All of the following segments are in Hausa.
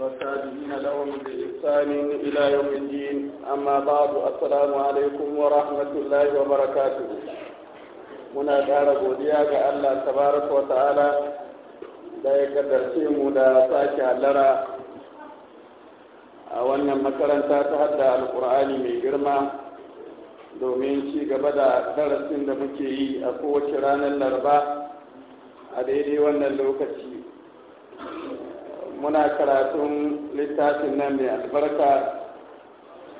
والتابعين لهم بإحسان إلى يوم الدين أما بعد السلام عليكم ورحمة الله وبركاته muna ƙara godiya ga Allah tabaraka wa ta'ala da ya kaddarce mu da sake hallara a wannan makaranta ta hadda alƙur'ani mai girma domin ci gaba da darasin da muke yi a kowace ranar laraba a daidai wannan lokaci muna karatun littafin nan mai albarka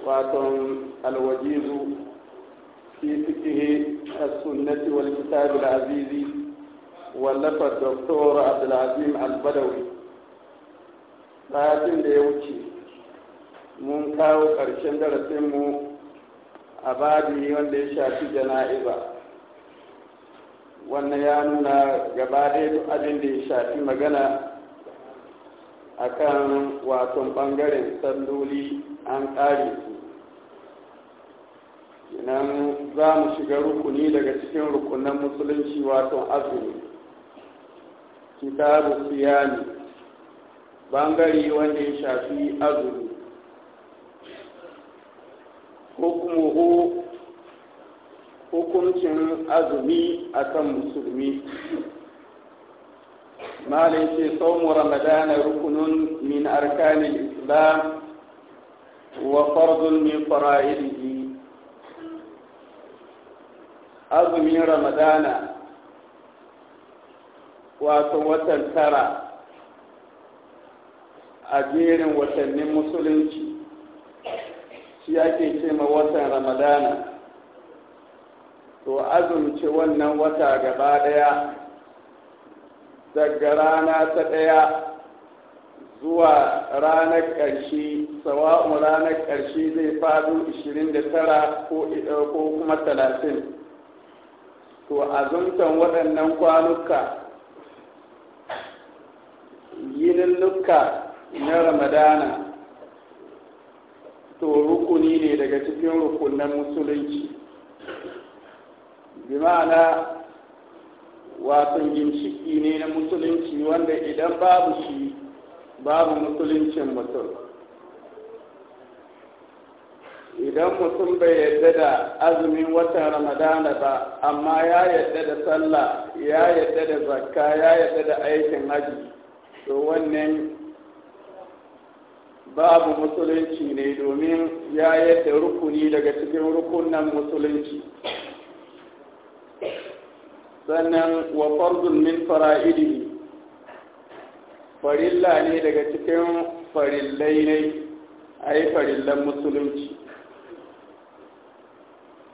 waton alwajizu fi fikihi a sunnati wal kitab da azizi wallafa doktor abdulazim al-badawi da ya wuce mun kawo ƙarshen darasinmu a babi wanda ya shafi jana'iza wannan ya nuna gaba ɗaya duk abin da ya shafi magana akan wato ɓangaren salloli an ƙare su nan za mu shiga rukuni daga cikin rukunan musulunci wato azumi kitabu siyani bangare wanda ya shafi azumi hukumu hukuncin azumi akan musulmi malai ce saumu ramadana rukunun min arkanin islam wa fardun min azumin ramadana wato watan tara a jerin watannin musulunci shi ake ce ma watan ramadana to azumci wannan wata gaba ɗaya. daga rana ta ɗaya zuwa ranar ƙarshe sawa'un ranar ƙarshe zai faɗo 29 eh, ko kuma 30 to a azumtan waɗannan kwanuka yininnuka na ramadana to rukuni ne daga cikin rukunan musulunci bi ma'ana wasan ginshiki ne na musulunci wanda idan babu shi babu musuluncin mutum idan mutum bai yadda da azumin watan ramadana ba amma ya yadda da sallah ya yadda da zakka ya yadda da aikin haji to wannan babu musulunci ne domin ya yadda rukuni daga cikin rukunan musulunci sannan wa farzun min fara'idi farilla ne daga cikin farillai ne a yi farillan musulunci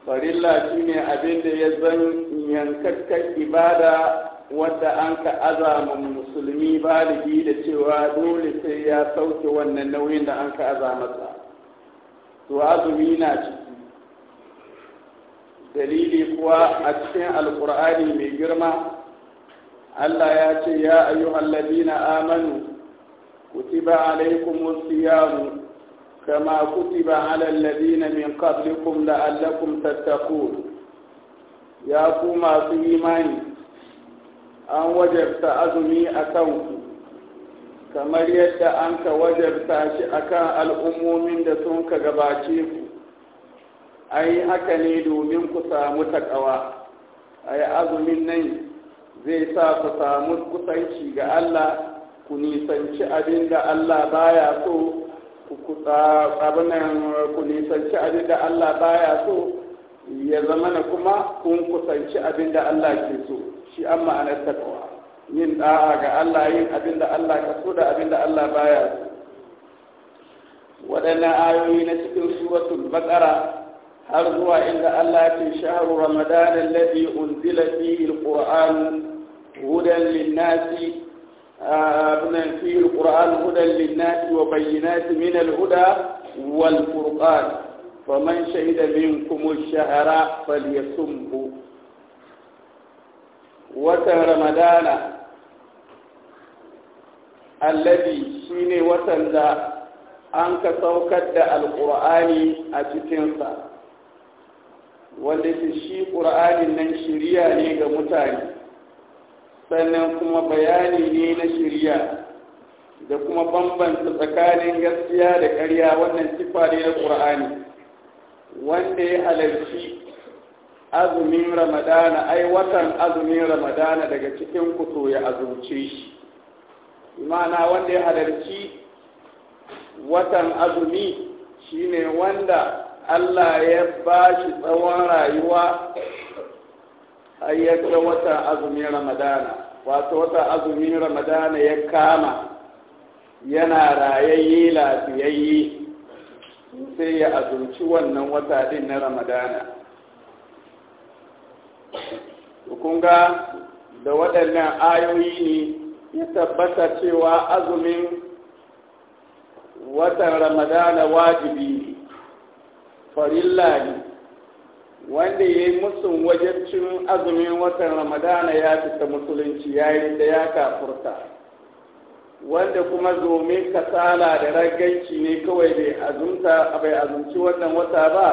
farilla shi ne abin da ya zan yankakkar ibada wadda an ka azaman musulmi baligi da cewa dole sai ya sauke wannan nauyin da an ka azamata to azumi na ciki dalili kuwa a cikin alkur'ani mai girma allah ya ce ya ayyuhan ladina amanu kutiba alaikum siyamu kama kutiba ala alladina min qablikum la'allakum tattaqun ya ku masu imani an wajabta azumi a kanku kamar yadda an ka wajabta shi akan al'ummomin da sun ka gabace ku ai haka ne domin ku samu takawa ai azumin nan zai sa ku samu kusanci ga Allah ku nisanci abin da Allah baya so ku ku nisanci abin da Allah baya so ya zama na kuma kun kusanci abin da Allah ke so shi an ma'anar takawa yin da'a ga Allah yin abin da Allah ka so da abin da Allah baya so waɗannan ayoyi na cikin suratul baqara har zuwa inda Allah ke shaharu Ramadan alladhi unzila fihi alquran hudan linnasi abin ah, fihi alquran hudan linnasi wa bayyinati min alhuda wal furqan faman shahida minkum ash-shahra falyasumhu watan ramadana alladhi shine watan da an ka saukar da alqur'ani a cikinsa wanda ke shi ƙura'anin nan shirya ne ga mutane sannan kuma bayani ne na shirya da kuma bambanta tsakanin gaskiya da ƙarya wannan sifa ne na ƙur'ani wanda ya halarci azumin ramadana ai watan azumin ramadana daga cikin kuto ya azumce shi imana wanda ya halarci watan azumi shine wanda Allah ya ba shi tsawon rayuwa a ya wata azumin ramadana wato wata, azumin ramadana ya kama yana rayayye lafiyayye sai ya azumci wannan wata din na ramadana kunga da waɗannan ayoyi ne ya tabbata cewa azumin watan ramadana wajibi ne farilla ne wanda ya yi musun wajabcin azumin watan ramadana ya fita musulunci ya da ya kafurta wanda kuma domin kasala da raganci ne kawai bai azumta bai azumci wannan wata ba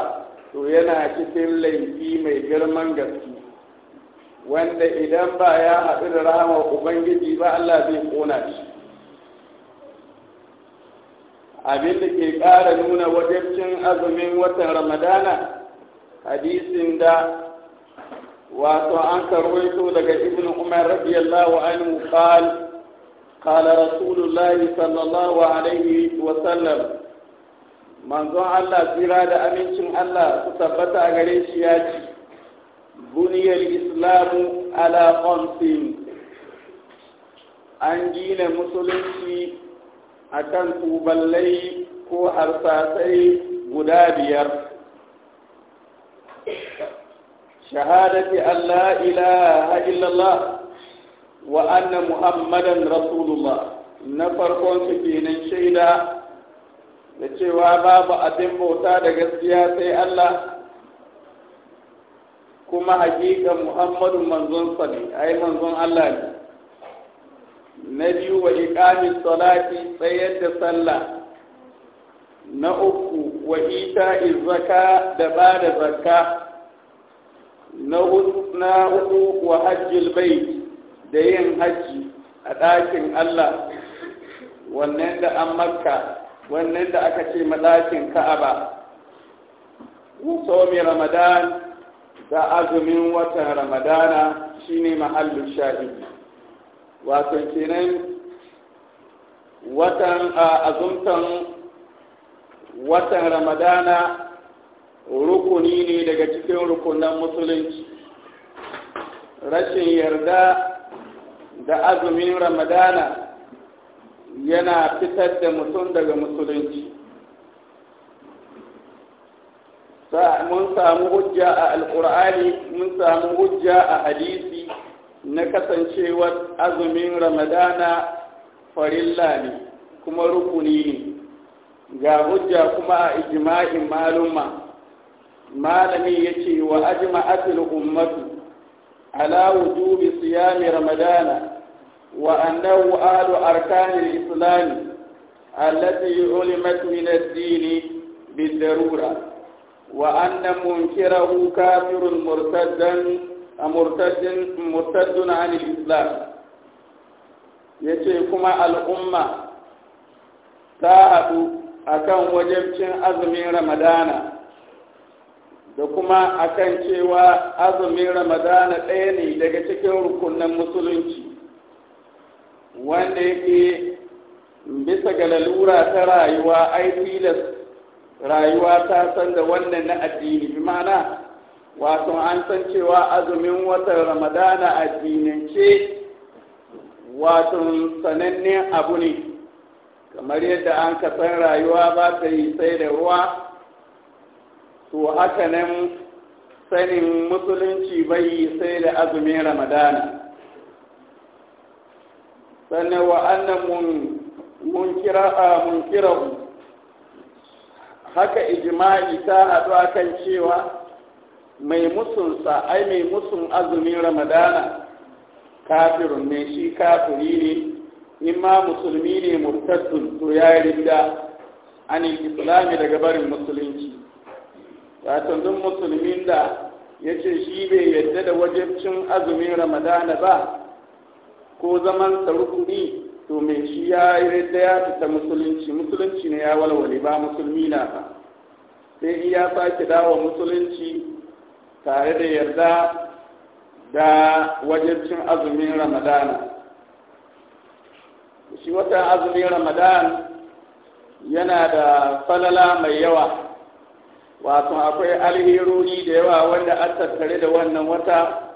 to yana cikin laifi mai girman gaske wanda idan ba ya haɗu da rahama ubangiji ba allah zai ƙona shi abin da ke ƙara nuna wajabcin azumin watan ramadana hadisin da wato an karwaito daga ibn umar radiyallahu anhu qal قال رسول الله صلى الله عليه وسلم من الله tabbata a الله تثبت ya ci. بني islamu على خمسين an gina musulunci akan tuballai ko harsasai guda biyar shahadati Allah ilaha illallah wa anna muhammadan rasulullah na farkon su kenan shaida da cewa babu abin bauta da gaskiya sai Allah kuma hakikan muhammadu manzon sa ne ai manzon Allah ne na biyu wa iqamis salati tsayar da sallah na uku wa ita'iz zaka da ba da zakka na uku wa hajjil bai da yin hajji a ɗakin Allah wannan da an makka wannan da aka ce ɗakin ka'aba wasomi ramadan da azumin watan ramadana shine mahallin shahidi wato kenan watan azumtan watan ramadana rukuni ne daga cikin rukunan musulunci rashin yarda da azumin ramadana yana fitar da mutum daga musulunci mun samu hujja a alkur'ani mun samu hujja a hadisi na kasancewar azumin ramadana farilla ne kuma rukuni ne ga hujja kuma a ijma'in malumma malami ya ce wa ajma'atul ummatu ala wujubi siyami ramadana wa annahu alu arkanin islami التي علمت من darura بالضرورة وأن munkirahu kafirun murtaddan مرتد مرتد عن ya yace kuma al'umma ta haɗu akan wajabcin azumin ramadana da kuma akan cewa azumin ramadana ɗaya ne daga cikin rukunan musulunci wanda yake bisa ga lalura ta rayuwa ai rayuwa ta san da wannan na addini bi ma'ana wato an san cewa azumin watan ramadana a dinance wato sanannen abu ne kamar yadda an san rayuwa ba ta yi sai da ruwa to haka nan sanin musulunci bai yi sai da azumin ramadana sannan wa'annan munkirahu haka ijima'i ta haɗu akan cewa mai musunsa ai mai musun azumin ramadana kafirun ne shi kafiri ne in ma musulmi ne murtaddun to ya yi ridda an islami daga barin musulunci wato duk musulmin da ya ce shi bai yadda da wajibcin azumin ramadana ba ko zaman sarukuni to mai shi ya yi ridda ya fita musulunci musulunci ne ya walwale ba musulmi na ba sai in ya sake dawo musulunci tare da yarda da wajibcin azumin ramadan shi watan azumin ramadan yana da falala mai yawa wato akwai alherori da yawa wanda an tattare da wannan wata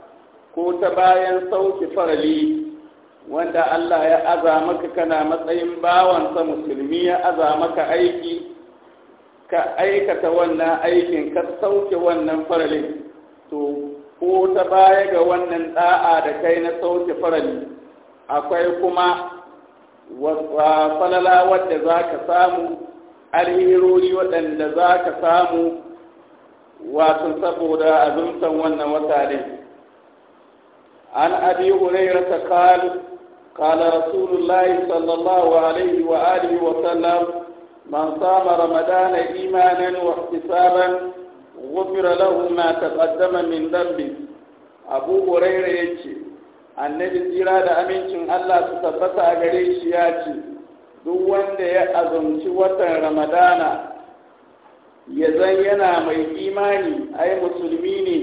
ko ta bayan sauki farali wanda allah ya aza maka kana matsayin bawansa musulmi ya aza maka aiki ka aikata wannan aikin ka sauke wannan faralin to ko ta baya ga wannan da'a da kai na sauke farali akwai kuma falala wadda za ka samu alherori waɗanda za ka samu wasu saboda azumtan wannan wata ne an abi hurairu ta kalu قال رسول الله صلى الله عليه وآله وسلم من صام رمضان إيمانا واحتسابا غفر له ما تقدم من ذنبه أبو هريرة يجي annabi tsira da amincin Allah su tabbata a gare shi ya ce duk wanda ya azumci watan ramadana ya zan yana mai imani ai musulmi ne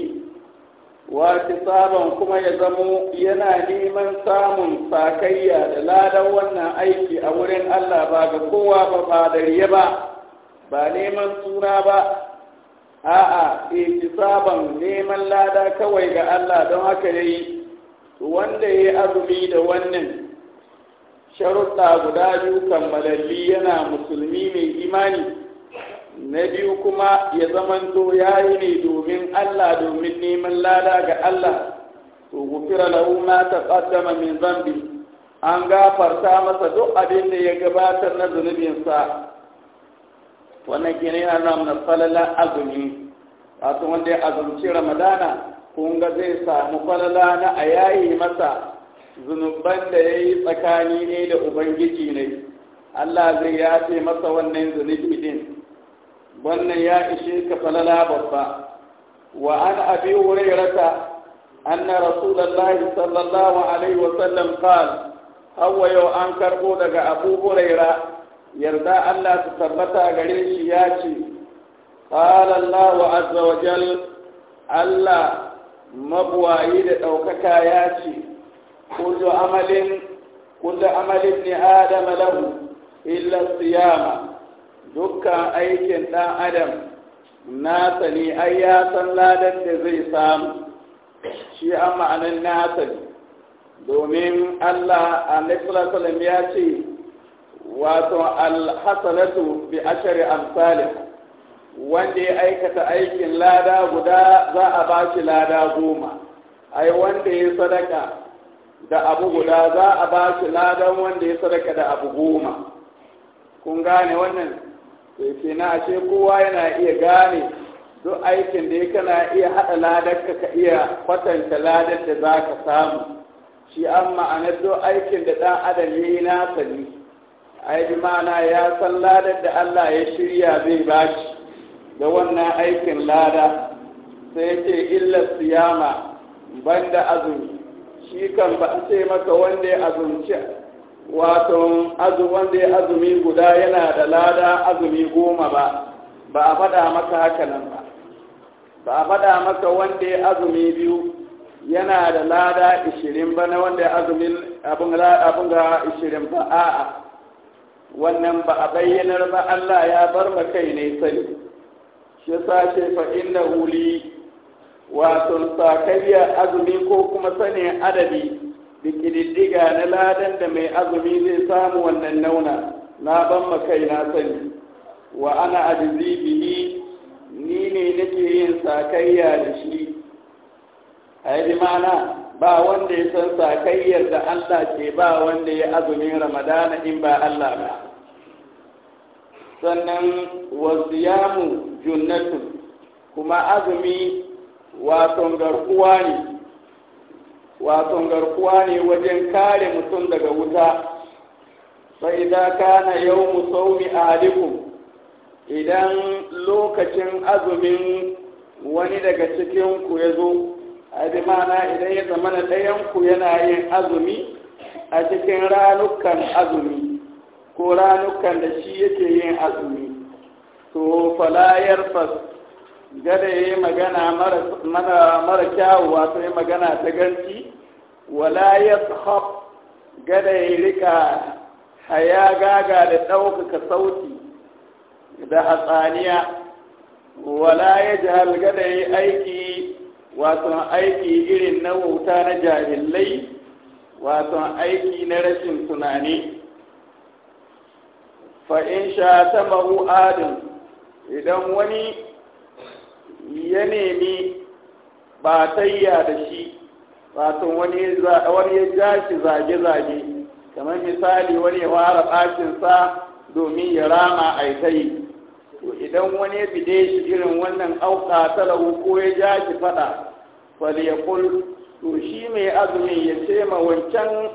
wata sabon kuma ya zamo yana neman samun sakayya da ladan wannan aiki a wurin Allah ba ga kowa ba ba ba ba neman suna ba a'a ihtisaban neman lada kawai ga Allah don haka yayi wanda yayi azumi da wannan sharuɗa guda biyu kammalalli yana musulmi mai imani na biyu kuma ya zamanto yayi ne domin Allah domin neman lada ga Allah to gufira lahu ma taqaddama min zambi an gafarta masa duk abin da ya gabatar na zunubinsa wannan kenan yana nuna falala azumi wato wanda ya azumci ramadana kun ga zai samu falala na a yayi masa zunuban da ya yi tsakani ne da ubangiji ne allah zai yafe masa wannan zunubi din wannan ya ishe ka falala babba wa an abi hurairata anna rasulullahi sallallahu alaihi wasallam qala hawa yau an karɓo daga abu hurairah yarda Allah su tabbata gare shi ya ce qala Allah wa azawajal Allah mabuwayi da ɗaukaka ya ce kullu amalin kullu amalin ni Adam lahu illa siyama dukkan aikin ɗan adam nasa ne ai ya san ladan da zai samu shi an ma'anin nasa ne domin Allah a ya ce wato alhasanatu bi ashari amsalin wanda ya aikata aikin lada guda za a ba shi lada goma ai wanda ya sadaka da abu guda za a ba shi ladan wanda ya sadaka da abu goma kun gane wannan sai ke na ashe kowa yana iya gane duk aikin da ya kana iya haɗa ladar ka ka iya kwatanta ladar da za ka samu shi an ma'anar duk aikin da ɗan adam ya yi nasa ne ai bi ma'ana ya san ladar da Allah ya shirya zai ba shi da wannan aikin lada sai ya ce illar siyama banda azumi shi kan ba a ce maka wanda ya azumci wato wanda ya azumi guda yana da lada azumi goma ba ba a faɗa maka haka nan ba ba a faɗa maka wanda ya azumi biyu yana da lada ishirin ba na wanda ya azumin abin ga ishirin ba a'a wannan ba a bayyanar ba Allah ya bar ma kai ne sani shi ce fa inna huli wato sakayya azumi ko kuma sanin adadi da ƙididdiga na ladan da mai azumi zai samu wannan nauna na ban ma kai na sani wa ana ajizi bihi ni ne nake yin sakayya da shi a yi mana ba wanda ya san sakayyar da Allah ke ba wanda ya azumin Ramadana in ba Allah ba sannan wasiyamu junnatu kuma azumi waton garkuwa ne waton garkuwa ne wajen kare mutum daga wuta fa idan kana yawmu sawmi aliku idan lokacin azumin wani daga cikinku ku ya zo ma'ana idan ya zamana ɗayan ku yana yin azumi a cikin ranukan azumi ko ranukan da shi yake yin azumi to falayar fas gada ya yi magana mara kyawu wato ya magana ta ganci wala ya gada ya rika haya gaga da ɗaukaka sauti da hatsaniya wala ya jihar gada ya yi aiki wato aiki irin na wuta na jahillai wato aiki na rashin tunani fa'in sha ta mahu adin idan wani ya nemi batayya da shi wato wani wani ya ja shi zage-zage kamar misali wani ya fara ɓacinsa domin ya rama a yi to idan wani ya bide shi irin wannan auka ta rahu ko ya ja shi faɗa falyakul to shi mai azumin ya ce ma wancan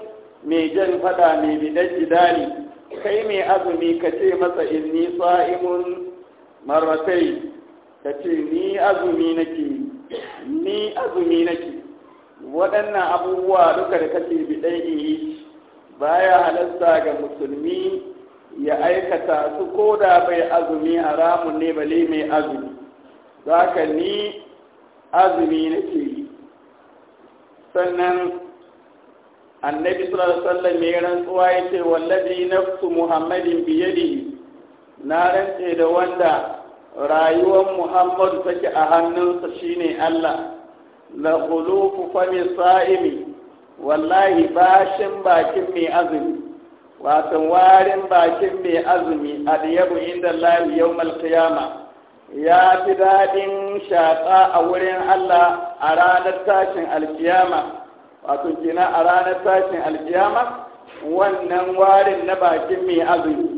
mai jan faɗa mai bidan jidali kai mai azumi ka ce masa inni sa'imun marratai ka ce ni azumi nake ni azumi nake waɗannan abubuwa duka da kake biɗan Ba baya halasta ga musulmi ya aikata su ko da bai azumi haramun ne bale mai azumi za ka ni azumi nake yi sannan annabi sallallahu alaihi wasallam ya rantsuwa yace wallazi nafsu muhammadin bi yadihi na rantse da wanda rayuwar muhammadu take a hannunsa shine Allah la khulufu sa'imi wallahi bashin bakin mai azumi wato warin bakin mai azumi adiyabu inda Allah yawmal qiyama ya fi daɗin shaƙa a wurin Allah a ranar tashin alkiyama wato kina a ranar tashin alkiyama wannan warin na bakin mai azumi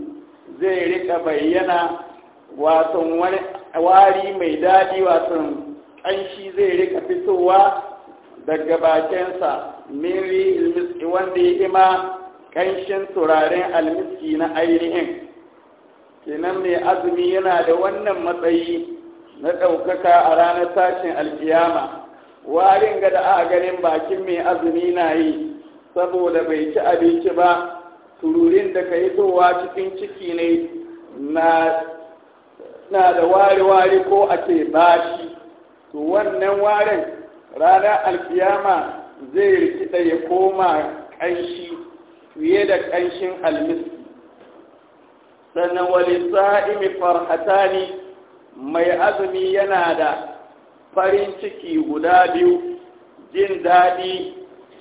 zai rika bayyana wato wari mai daɗi wato ƙanshi zai rika fitowa daga bakinsa miri ilmiski wanda ya ima ƙanshin turaren almiski na ainihin kenan mai azumi yana da wannan matsayi na ɗaukaka a ranar tashin alkiyama warin ga da aka ganin bakin mai azumi na yi saboda bai ci abinci ba tururin da ka yi towa cikin ciki ne na da wari-wari ko a ce bashi to wannan warin ranar alkiyama zai rikida ya koma ƙanshi fiye da ƙanshin almiski sannan wani sa'imi farhatani mai azumi yana da farin ciki guda biyu jin daɗi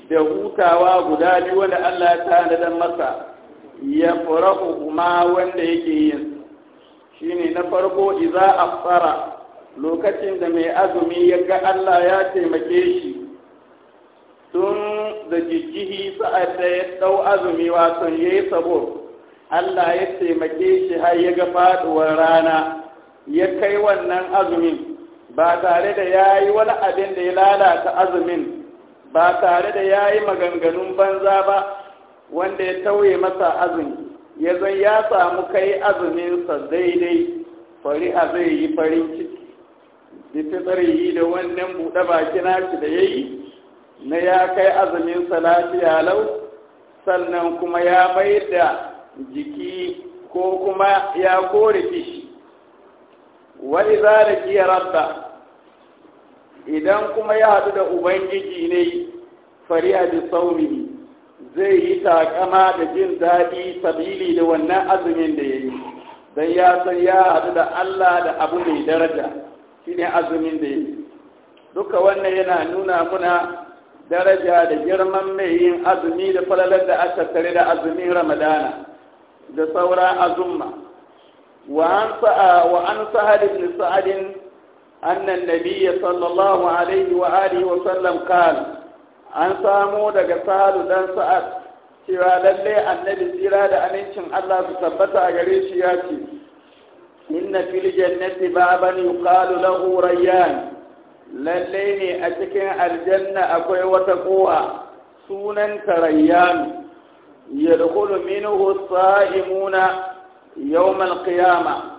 da hutawa guda biyu wanda Allah ya da masa ya farahu kuma wanda yake yin shine na farko idza fara lokacin da mai azumi ya ga Allah ya taimake shi tun da jijjihi sa'ad da ya ɗau azumi wato ya yi sabo Allah ya taimake shi har ya ga faɗuwar rana ya kai wannan azumin ba tare da ya yi wani abin da ya lalata azumin ba tare da ya yi maganganun banza ba wanda ya tauye masa azumi ya zai ya samu kai azuminsa daidai fari'a zai yi farin ciki da yi da wannan buɗe baki nashi da ya yi na ya kai azuminsa lafiya lau sannan kuma ya maida da jiki ko kuma ya kore fishi wani za da rabba idan kuma ya haɗu da ubangiji ne a bi sauri zai yi takama da jin daɗi sabili da wannan azumin da ya yi don ya san ya haɗu da Allah da abu mai daraja shine azumin da ya yi duka wannan yana nuna muna daraja da girman mai yin azumi da falalar da aka tare da azumin ramadana da sauran azumma wa an sa'a wa an sa'adin أن النبي صلى الله عليه وآله وسلم قال أن سامو دقى سهل دان سعد cewa lallai annabi tsira da amincin Allah su tabbata a gare shi ya ce inna fil jannati baban yuqalu lahu Lallai ne a cikin aljanna akwai wata kowa sunan rayyan yadkhulu minhu as-sa'imuna yawm al-qiyamah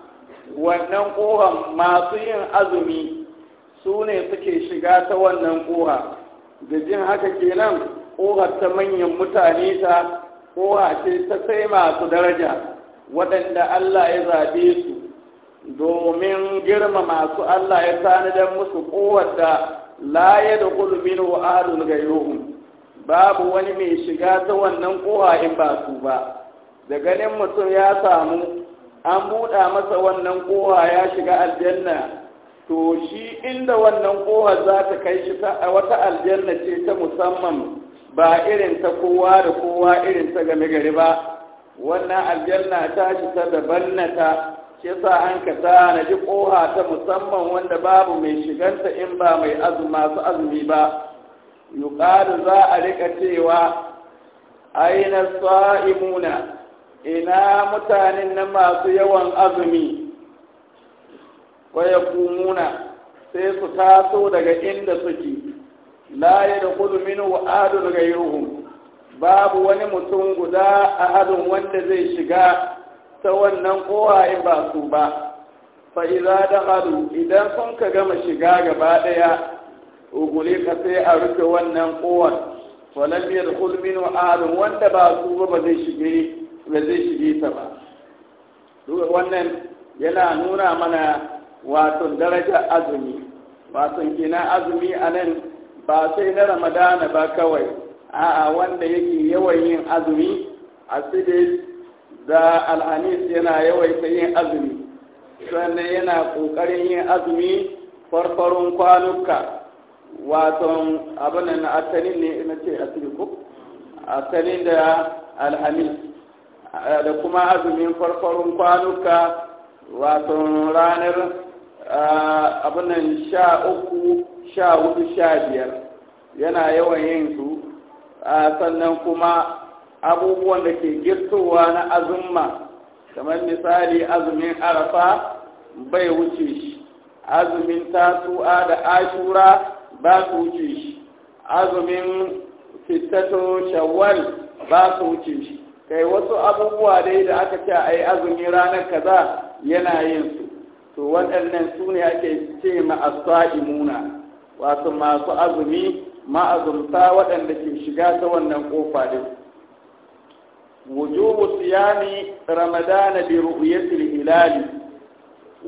wannan ƙohan masu yin azumi su ne suke shiga ta wannan ƙoha da jin haka kenan ƙohar ta manyan mutane ta ƙoha ce ta sai masu daraja waɗanda Allah ya zaɓe su domin girma masu Allah ya tanadar musu ƙohar da laye da kulmin wa ga yohun babu wani mai shiga ta wannan ƙoha in ba su ba da ganin mutum ya samu an buɗa masa wannan ƙoha ya shiga aljanna to shi inda wannan kowa za ta kai shi ta wata aljanna ce ta musamman ba irin ta kowa da kowa irin ta game gari ba wannan aljanna ta shi ta daban na ta shi sa an ka ji koha ta musamman wanda babu mai shiganta in ba mai azuma su azumi ba yuqalu za a rika cewa aina sa'imuna ina mutanen na masu yawan azumi waya kumuna sai su taso daga inda suke la ya da kudu minu wa'adun gairuhum babu wani mutum guda a adun wanda zai shiga ta wannan kowaye ba su ba fa'iza da hadu idan sun ka gama shiga gaba ɗaya ugule ka sai a rufe wannan kowan wala ya da kudu wanda ba su ba zai shige da zai shige ta ba wannan yana nuna mana wato daraja azumi wato kina azumi a nan ba sai na ramadana ba kawai a'a wanda yake yawan yin azumi a da al'anis yana yawaita yin azumi sannan yana ƙoƙarin yin azumi farfarun kwanuka waton abinan tanin ne na ce asiri ko tanin da alhamis Eh, da kuma azumin farfarin kwanuka wato ranar eh, abinan sha uku sha hudu sha biyar yana yawan yin su eh, sannan kuma abubuwan da ke girtowa na azumma kamar misali azumin arafa bai wuce shi azumin tasu'a da ashura ba su wuce shi azumin fitato shawwal ba su wuce shi kai wasu abubuwa dai da aka ce a yi azumi ranar kaza yana yin su to waɗannan su ne ake ce imuna wasu masu azumi ma'azumta waɗanda ke shiga ta wannan ƙofa din wujubu siyami ramadana bi ru'yatil hilal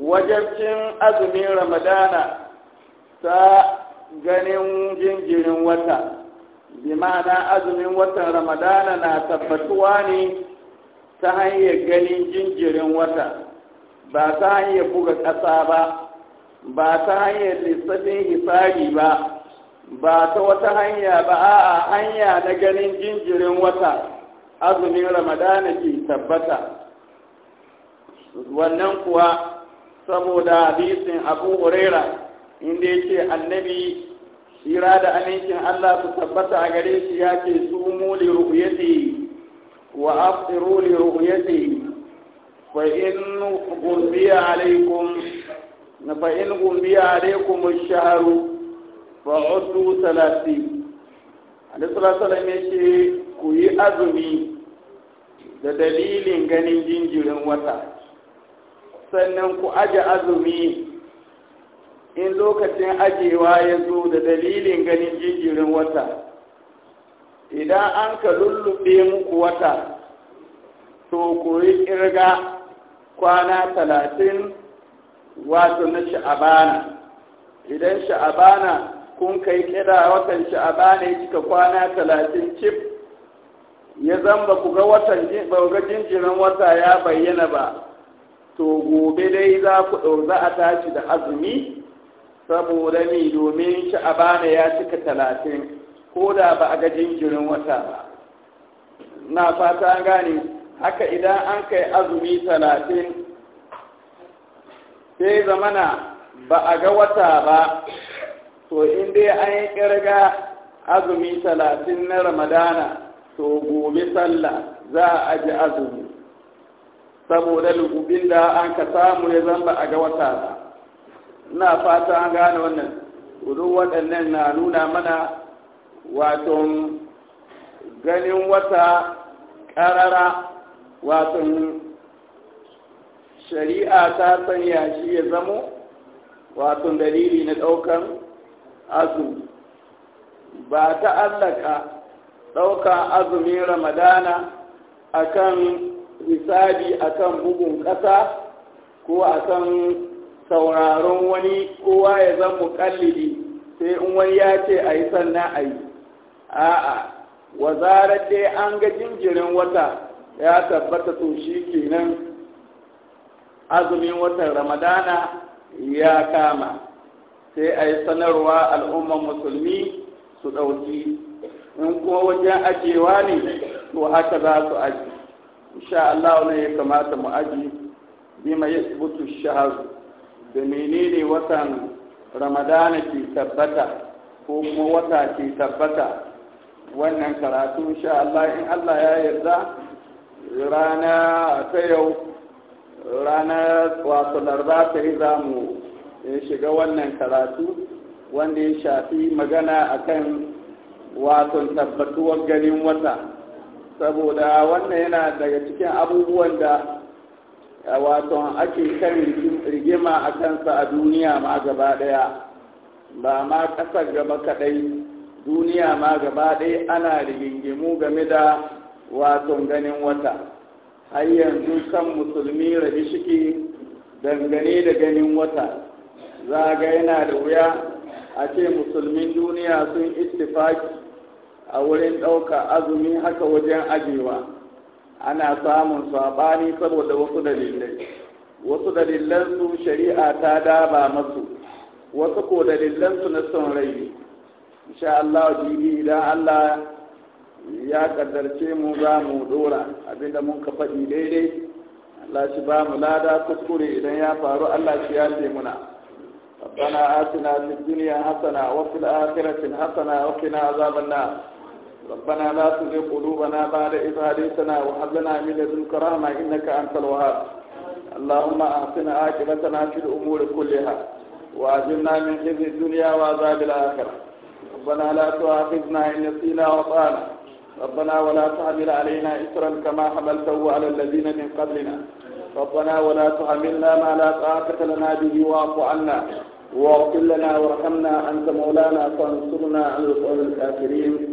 wajabcin azumin ramadana ta ganin jinjirin wata bimana azumin watan ramadana na tabbatuwa ne ta hanyar ganin jinjirin wata ba ta hanyar buga ƙasa ba ba ta hanyar lissafin hisari ba ba ta wata hanya ba a hanya na ganin jinjirin wata azumin ramadana ke tabbata wannan kuwa saboda hadisin abu huraira inda ya ce annabi tsira da amincin Allah su tabbata a gare shi ya ce su muli ruhuyati wa afiru li ruhuyati fa in gumbiya alaikum fa in gumbiya alaikum ash-shahru fa uddu salati Annabi sallallahu alaihi ce ku yi azumi da dalilin ganin jinjirin wata sannan ku aje azumi in lokacin ajewa ya zo da dalilin ganin jijirin wata idan an ka lullube muku wata to ku yi kirga kwana talatin wato na sha'abana idan sha'abana kun kai kira watan sha'abana ya cika kwana talatin cif ya zamba ku ga watan ga jinjirin wata ya bayyana ba to gobe dai za ku ɗau a tashi da azumi saboda mi domin shi a sha'abana ya cika talatin ko da ba a ga jinjirin wata ba na fata gane haka idan an kai azumi talatin sai zamana ba a ga wata ba to in dai an yi kirga azumi talatin na ramadana to gobe sallah za a ji azumi saboda lugubin da an ka samu ya zamba a ga wata ba ina fata an gane wannan duk waɗannan na nuna mana wato ganin wata ƙarara wato shari'a ta sanya shi ya zamo wato dalili na ɗaukan azumi ba ta allaka ɗaukan azumin ramadana akan hisabi akan bugun ƙasa ko kan sauraron wani kowa ya zan mukallidi sai in wani ya ce a yi sannan a yi a'a wa zarar dai an ga jinjirin wata ya tabbata to shi kenan azumin watan ramadana ya kama sai a yi sanarwa al'umman musulmi su ɗauki in kuma wajen ajiyewa ne to haka za su aji insha Allah ne ya kamata mu aji bima yasbutu shahru da menene watan ramadana ke tabbata ko kuma wata ke tabbata wannan karatu sha Allah in Allah ya yarda rana ta yau rana wato larba ta yi za mu eh, shiga wannan karatu wanda ya shafi magana akan wato tabbatuwar ganin wata saboda wannan yana daga cikin abubuwan da wato ake kan rigima a kansa a duniya ma gaba ɗaya ba ma ƙasar gaba kaɗai duniya ma gaba ɗaya ana rigingimu game da wato ganin wata har yanzu kan musulmi rabi shiki dangane da ganin wata za ga yana da wuya a ce musulmin duniya sun istifaki a wurin ɗauka azumi haka wajen ajewa. ana samun saɓani saboda wasu dalilai wasu dalilansu shari'a ta daba masu wasu ko dalilansu na son rai insha Allah jibi idan Allah ya kaddarce mu za mu dora abinda mun ka faɗi daidai Allah shi ba mu lada kuskure idan ya faru Allah shi ya ce muna ربنا آتنا في الدنيا حسنة وفي الآخرة حسنة وقنا عذاب النار ربنا لا تزغ قلوبنا بعد إذ هديتنا وهب لنا من لدنك رحمة إنك أنت الوهاب اللهم أحسن عاقبتنا في الأمور كلها وأجرنا من خزي الدنيا وعذاب الآخرة ربنا لا تؤاخذنا إن نسينا وطعنا ربنا ولا تحمل علينا إسرا كما حملته على الذين من قبلنا ربنا ولا تحملنا ما لا طاقة لنا به واعف عنا واغفر لنا وارحمنا أنت مولانا فانصرنا على القوم الكافرين